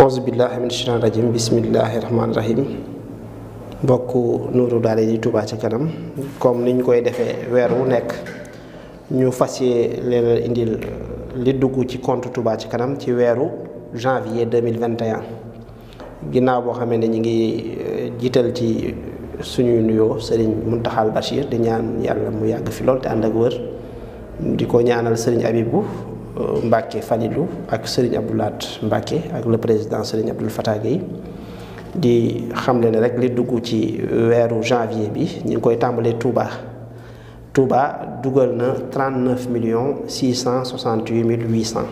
auzu billaahi min shaytaani rajiim bismillaahi rahmaani rahiim mbokk nuuru daara di Touba ci kanam comme niñ koy defee weer wu nekk ñu fas yéene leen indil li dugg ci compte Touba ci kanam ci weeru janvier 2021 ginnaaw boo xamee ne ñu ngi eh, jiital ci suñuy nuyoo sëriñ Muntaxa Bachir di ñaan yàlla mu yàgg fi lool te ànd ak wër di ko ñaanal sëriñ Abibu Mbacke Falilou ak Serigne Abdoulaat Mbacke ak le président Serigne Abdoul Fatah Gueye di xamle ne rek li dugg ci weeru janvier bi ñu ngi koy tàmbalee Touba Touba dugal na million 39 millions 668 mille 800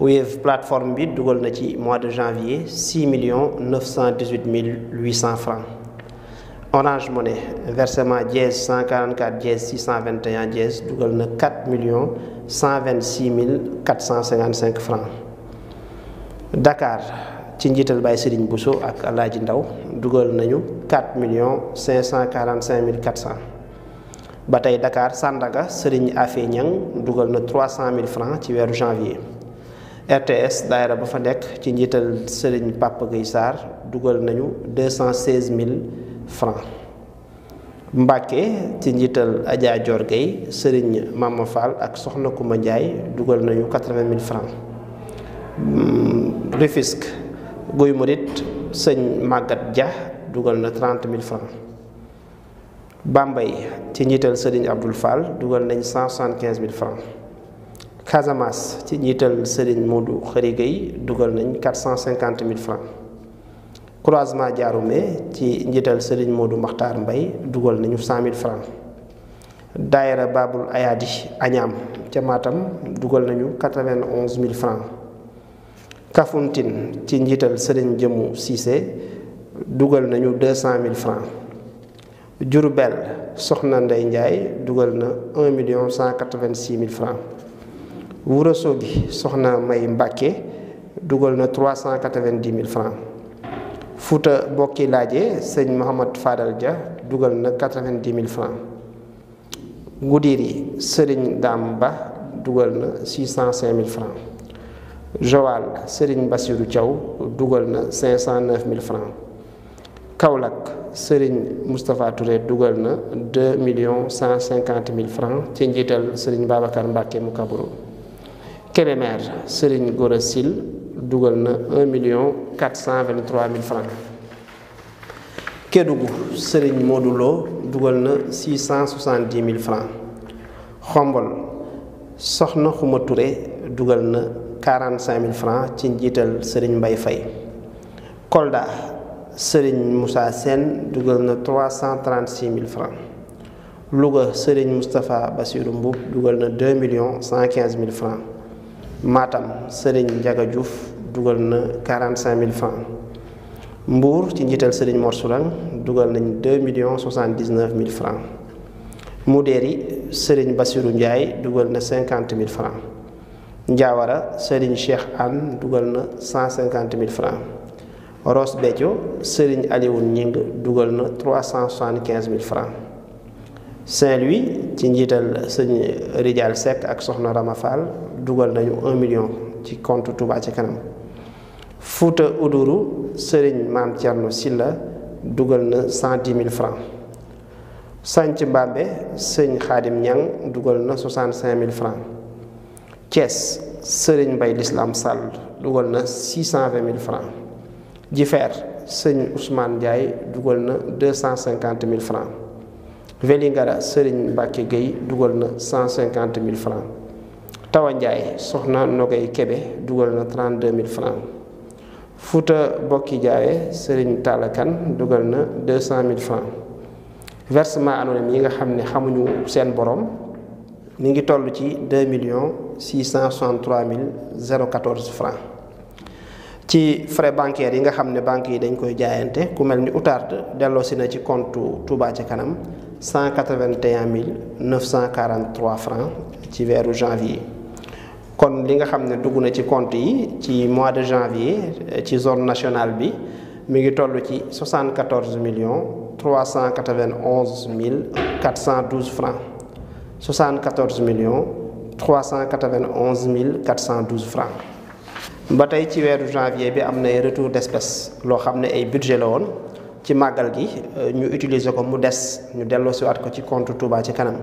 Wave plateforme bi dugal na ci mois de janvier 6 millions 918 mille 800 francs Orange Money versement dièse 144 dièse 621 dièse dugal na 4 millions 126 mille 455 francs Dakar ci njiital Baye Serigne Bousso ak Alaaji Ndaw dugal nañu 4 millions 545 mille 400 ba tey Dakar Sandaga Serigne Afe Ñang dugal na cent mille francs ci weeru janvier RTS daayira ba fa nekk ci njiital Serigne Papa Gueye Sarr dugal nañu 216 mille francs Mbàkke ci njiital ajaajoor Dior Gueye Serigne Mama ak Soxna Kuma Ndiaye dugal nañu quatre-vingt mille francs mm, Rufisque Guy Murit sëñ Maguette ja dugal na trente mille francs Bambey ci njiital Serigne Abdoul Fall dugal nañ cent soixante-quinze mille francs Casamance ci njiital Serigne Modou Khary Gueye dugal nañ quatre cinquante mille francs croisement jaarume ci njiital sëriñ Modou Makhtar Mbay dugal nañu cent mille francs daayira Babul Ayaadi Añaam ca Matam dugal nañu quatre-vingt-onze mille francs Kafountine ci njiital sëriñ Jëmu Cissé dugal nañu deux cent mille francs Diourbel Soxna Ndey Njaay dugal na un million cent quatre-vingt-six mille francs Ourossogui Soxna May Mbàkke dugal na trois cent quatre vingt mille francs Fouta bokki laajee sëñ Mouhamad Fadal ja dugal na quatre-vingt-dix mille francs Goudiri Serigne Dame Ba dugal na six cent cinq mille francs caw dugal na cinq cent neuf mille francs Kaolack Serigne Moustapha dugal na deux millions cent cinquante mille ci njiital Serigne Babacar Mbacke mu Kaburu Kébémer Serigne dugal na un million quatre cent vingt trois mille francs Kédougou Serigne Modou Lo dugal na six cent soixante dix mille francs Xombol Soxna xumature dugal na quarante cinq mille francs ci njiital Serigne mbay fay Kolda Serigne Moussa Sène dugal na trois cent trente six mille francs Louga Serigne Moustapha Bassirou Mboub dugal na deux millions cent quinze mille francs Matam dugal na quarante cinq mille francs Mbour ci njiital Serigne Mor dugal nañ deux millions soixante dix neuf mille francs Moudéri Serigne Bassirou Ndiaye dugal na cinquante mille francs Ndiawara Serigne Cheikh Anne dugal na cent cinquante mille francs Ross Béthio Serigne Alioune Ñing dugal na trois cent soixante quinze mille francs Saint-Louis ci njiital Serigne Ridial Seck ak Soxna Rama dugal nañu million ci compte Touba ci kanam. Fouta Oudourou Serigne Maam Thierno Silla dugal na cent dix mille francs Sànc Mbàmbe Sëñ Xaadim Ñang dugal na soixante cinq mille francs Thiès Serigne Mbay Lislam Sall dugal na six cent vingt mille francs Jifeer Sëñ Ousmane Ndiaye dugal na deux cent cinquante mille francs Vélingara Serigne Mbacke dugal na cent cinquante mille francs Tawa Ndiaye Soxna Nogay Kebe dugal na trente deux mille Fouta bokki jaaye Serigne Talla dugal na deux cent mille francs versement anonyme yi nga xam ne xamuñu seen borom mi ngi toll ci deux millions six cent soixante trois mille zéro quatorze francs ci frais bancaires yi nga xam ne banques yi dañ koy jaayante ku mel ni Outarde delloosi na ci compte Touba ci kanam cent quatre mille neuf cent quarante trois francs ci weeru janvier. kon li nga xam ne dugg na ci compte yi ci mois de janvier eh, ci zone nationale bi mu ngi toll ci 74 millions 391 mille 412 francs 74 millions 391 mille 412 francs ba tey ci weeru janvier bi am na ay retour d'espèce loo xam ne ay budget la woon ci màggal gi eh, ñu utiliser ko mu des ñu delloo si siwaat ko ci compte Touba ci kanam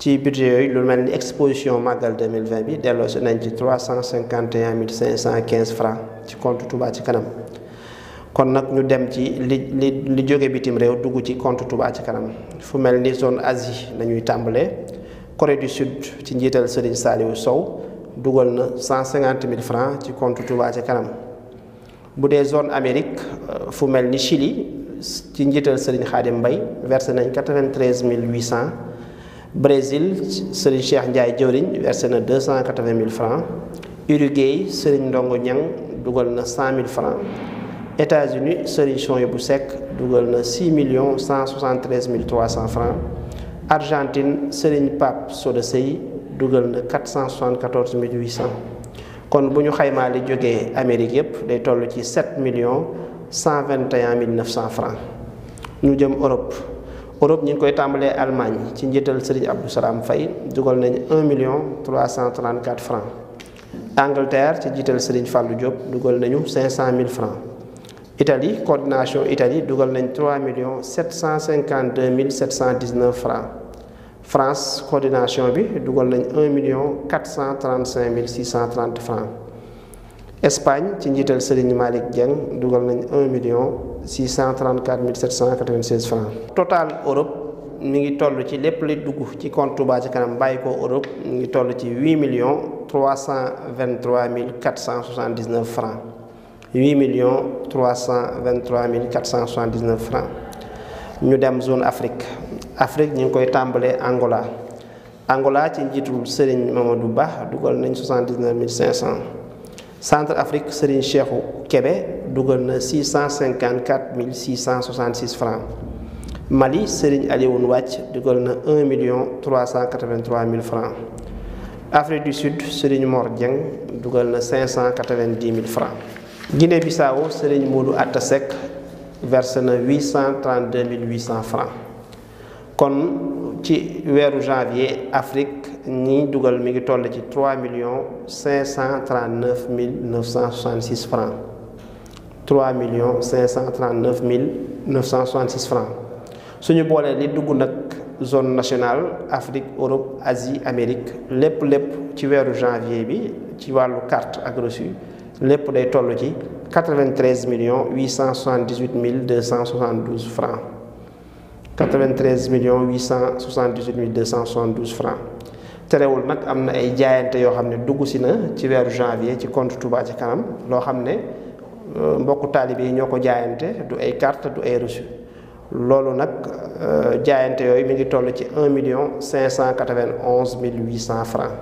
ci budget yooyu lu mel ni exposition màggal 2020 bi delloo nañ ci trois cent cinquante et un mille cinq cent quinze ci compte tubaa ci kanam kon nag ñu dem ci li li li jóge bitim réew dugg ci compte Touba ci kanam fu mel ni zone Asie nañuy tàmbalee Corée du Sud ci njiital Serigne Saliou Sow dugal na cent cinquante mille francs ci compte Touba ci kanam bu dee zone Amérique euh, fu mel ni Chili ci njiital Serigne Khadim mbay verse nañ quatre mille huit cents Brésil Serigne Cheikh Ndiaye jëwriñ versé na cent quatre-vingt mille francs Uruguay Serigne Ndongo Niang dugal na cent mille francs États-Unis Serigne bu sekk dugal na six millions cent soixante-treize mille trois cents francs Argentine Serigne Pape Soda Sey dugal na quatre cent soixante-quatorze mille huit cents kon bu ñu xaymaa li jógee Amérique yépp day toll ci sept million cent vingt mille neuf cents francs ñu jëm Europe Europe ñu ngi koy tàmbalee Allemagne ci njiital Serigne Abdou Salam Faye dugal nañ 1 million 334 francs Angleterre ci njiital Serigne Fallou Diop dugal nañu 500 000 francs Italie coordination Italie dugal nañ 3 millions 752 719 francs France coordination bi dugal nañ 1 million 435 630 francs Espagne ci njiital Serigne Malick Dieng dugal nañ 1 million. 634 796 francs total Europe mi ngi toll ci lépp li dugg ci compte ba Ca Kanam bàyyi ko Europe mi ngi toll ci 8 millions 323 mille 479 francs 8 millions 323 mille 479 francs ñu dem zone Afrique Afrique ñu ngi koy tàmbalee Angola Angola ci njiitul Serigne du Ba dugal nañ 79 500 Centre Afrique Serigne Cheikhou kebe dugal na six cent cinquante quatre mille six cent soixante six Mali Serigne Alioune Wàcc dugal na un million trois cent quatre mille francs Afrique du Sud Serigne Mor Dieng dugal na cinq cent quatre vingt mille francs Guinée Bissau Serigne Modou Atta Seck verse na huit cent mille huit cent francs kon ci weeru janvier Afrique ñi dugal mi ngi toll ci trois millions cinq cent mille neuf cent 3 millions 539 mille 966 francs suñu boolee li dugg nag zone nationale Afrique Europe Asie Amérique lépp lépp ci weeru janvier bi ci wàllu carte ak reçu lépp day toll ci 93 millions 878 mille 272 francs 93 millions 878 mille 272 francs terewul nag am na ay jaayante yoo xam ne dugg si na ci weeru janvier ci compte Touba ci kanam loo xam ne mbokku taalibe ñoo ko jaayante du ay carte du ay reçu loolu nag euh, jaayante yooyu mu ngi toll ci un million cinq cent quatre vingt onze mille huit cent francs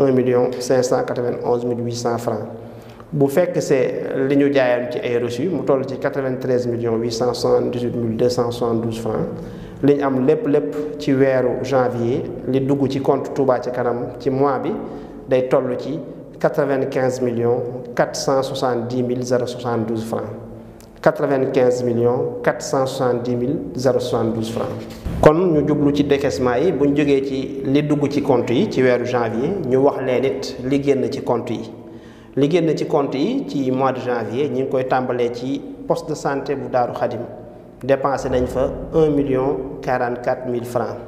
un million cinq cent quatre vingt onze mille cent francs bu fekk see li ñu jaayoon ci ay reçu mu toll ci quatre vingt treize cent soixante dix huit mille deux cent soixante douze francs li ñu am lépp lépp ci weeru janvier li dugg ci compte Touba ci kanam ci mois bi day toll ci. quatre-vingt-quinze millions quatre cent soixante-dix mille zéro soixante-douze francs quatre-vingt-quinze millions quatre cent soixante-dix mille zéro soixante-douze kon ñu jublu ci décaissement yi bu ñu jógee ci li dugg ci compte yi ci weeru janvier ñu wax leen it li génn ci compte yi li génn ci compte yi ci mois de janvier ñi ngi koy tàmbalee ci poste de santé bu Daaru Xadim dépensé nañ fa un million quarante-quatre mille francs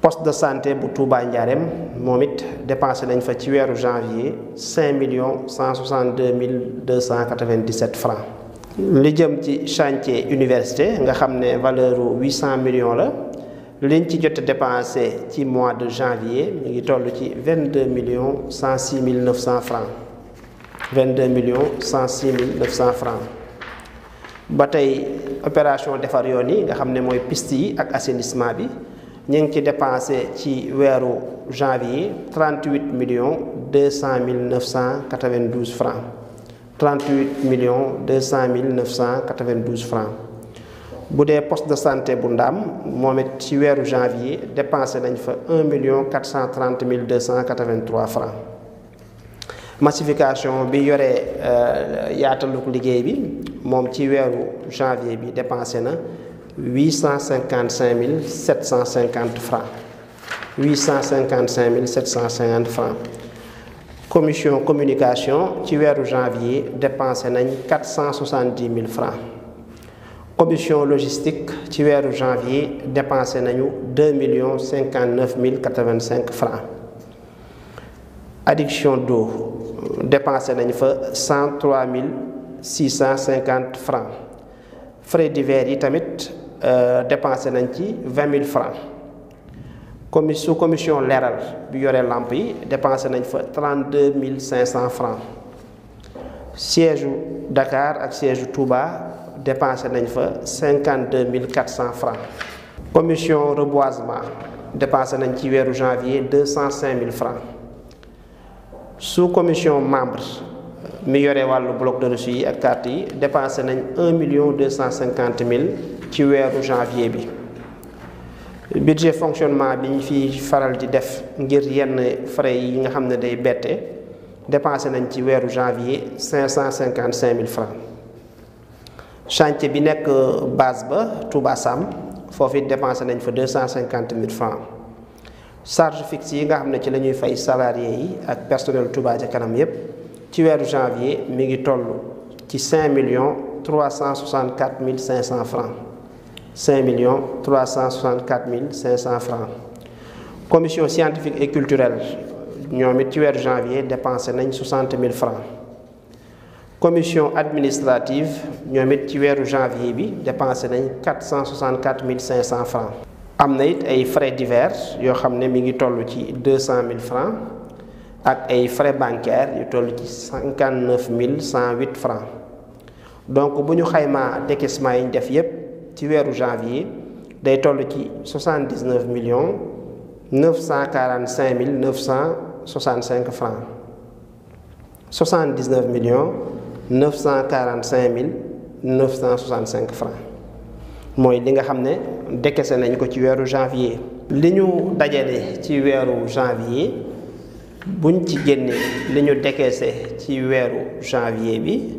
poste de santé bu Touba Ndiarème moom it dépensé nañ fa ci weeru janvier cinq millions cent soixante deux mille deux cent quatre vingt dix sept francs li jëm ci chantier université nga xam ne valeur u huit cent millions la liñ ci jot dépensé ci mois de janvier mi ngi toll ci vingt deux millions cent six mille neuf cent francs vingt deux millions cent six mille neuf cent francs ba tey opération defar yoon yi nga xam ne mooy piste yi ak assainissement bi. ñu ngi ci dépensé ci weeru janvier 38 millions 200 mille 992 francs 38 millions 200 mille 992 francs bu dee poste de santé bu ndam moom it ci weeru janvier dépensé nañ fa 1 million 430 mille 283 francs massification bi yore euh, yaataluk liggéey bi moom ci weeru janvier bi dépensé na huit cent cinquante cinq mille sept cent cinquante francs huit cent cinquante cinq mille sept cent cinquante francs commission communication ci weeru janvier dépensé nañ quatre cent soixante dix mille francs commission logistique ci weeru janvier dépensé nañu deux millions cinquante neuf mille quatre vingt cinq francs adduction d'eau dépensé nañ fa cent trois mille six cent cinquante francs frais divers yi tamit Euh, dépensé nañ ci vingt mille francs commis su commission leeral bi yore làmp yi dépensé nañ fa trente deux mille cinq cent francs siège u Dakar ak siège u Touba nañ fa cinquante deux mille quatre cent francs commission reboisement dépensé nañ ci weeru janvier deux cent cinq mille francs su commission membre mi yore wàllu bloc de reçu yi ak carte yi dépensé nañ un million deux cent cinquante mille ci weeru janvier bi budget fonctionnement bi ñu fi faral di def ngir yenn frais yi nga xam ne day bette dépensé nañ ci weeru janvier cinq cent cinquante cinq mille francs chantier bi nekk euh, base ba Touba Sam foofu it dépensé nañ fa deux cent cinquante mille francs charge yi nga xam ne ci la ñuy fay salarié yi ak personnel tubaa ca kanam yépp ci weeru janvier mi ngi toll ci cinq millions trois cent soixante quatre mille cinq cent francs million 5 millions 364 mille cinq cent francs commission scientifique et culturelle ñoom it ci weeru janvier dépensé nañ 60 mille francs commission administrative ñoom it ci weeru janvier bi dépensé nañ 464 mille 500 francs am na it ay frais divers yoo xam ne mi ngi toll ci 200 mille francs ak ay frais bancaires ñu toll ci 59 mille cent 108 francs donc bu ñu xaymaa décaissement yi ñu def yépp ci weeru janvier day toll ci 79 millions 945 mille 965 francs 79 millions 945 mille 965 francs mooy li nga xam ne décaissé nañ ko ci weeru janvier. li ñu dajale ci weeru janvier buñ ci génnee li ñu décaissé ci weeru janvier bi.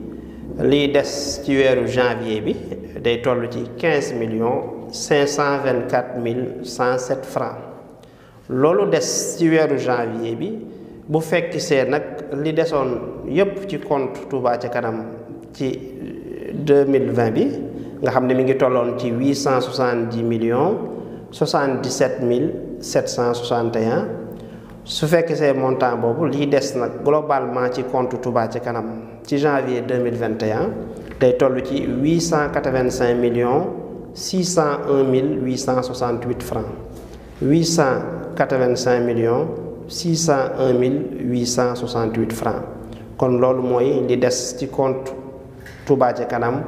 lii des ci weeru janvier bi day toll ci quinze millions cinq cent vingt quatre mille cent sept francs loolu des ci weeru janvier bi bu fekk see nag li desoon yépp ci compte Touba ca kanam ci deux mille vingt bi nga xam ne mu ngi tolloon ci huit cent soixante dix millions soixante mille sept cent soixante et su fekkee montant boobu lii des nag globalement ci compte Touba ci kanam ci janvier deux mille vingt et tey day toll ci huit cent quatre vingt cinq millions six cent un mille huit cent soixante huit francs cent quatre vingt cinq cent un mille huit cent soixante huit francs kon loolu mooy li des ci compte Touba ci kanam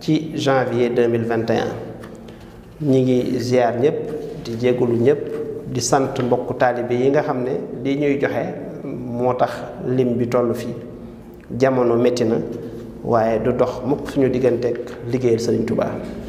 ci janvier deux mille vingt et un ñi ngi ziar ñëpp di jégalu ñëpp. di sant mbokku taalibe yi nga xam ne li ñuy joxe moo tax lim bi toll fii jamono métti na waaye du dox mukk suñu digganteeg liggéeyal Sëriñ Tuubaa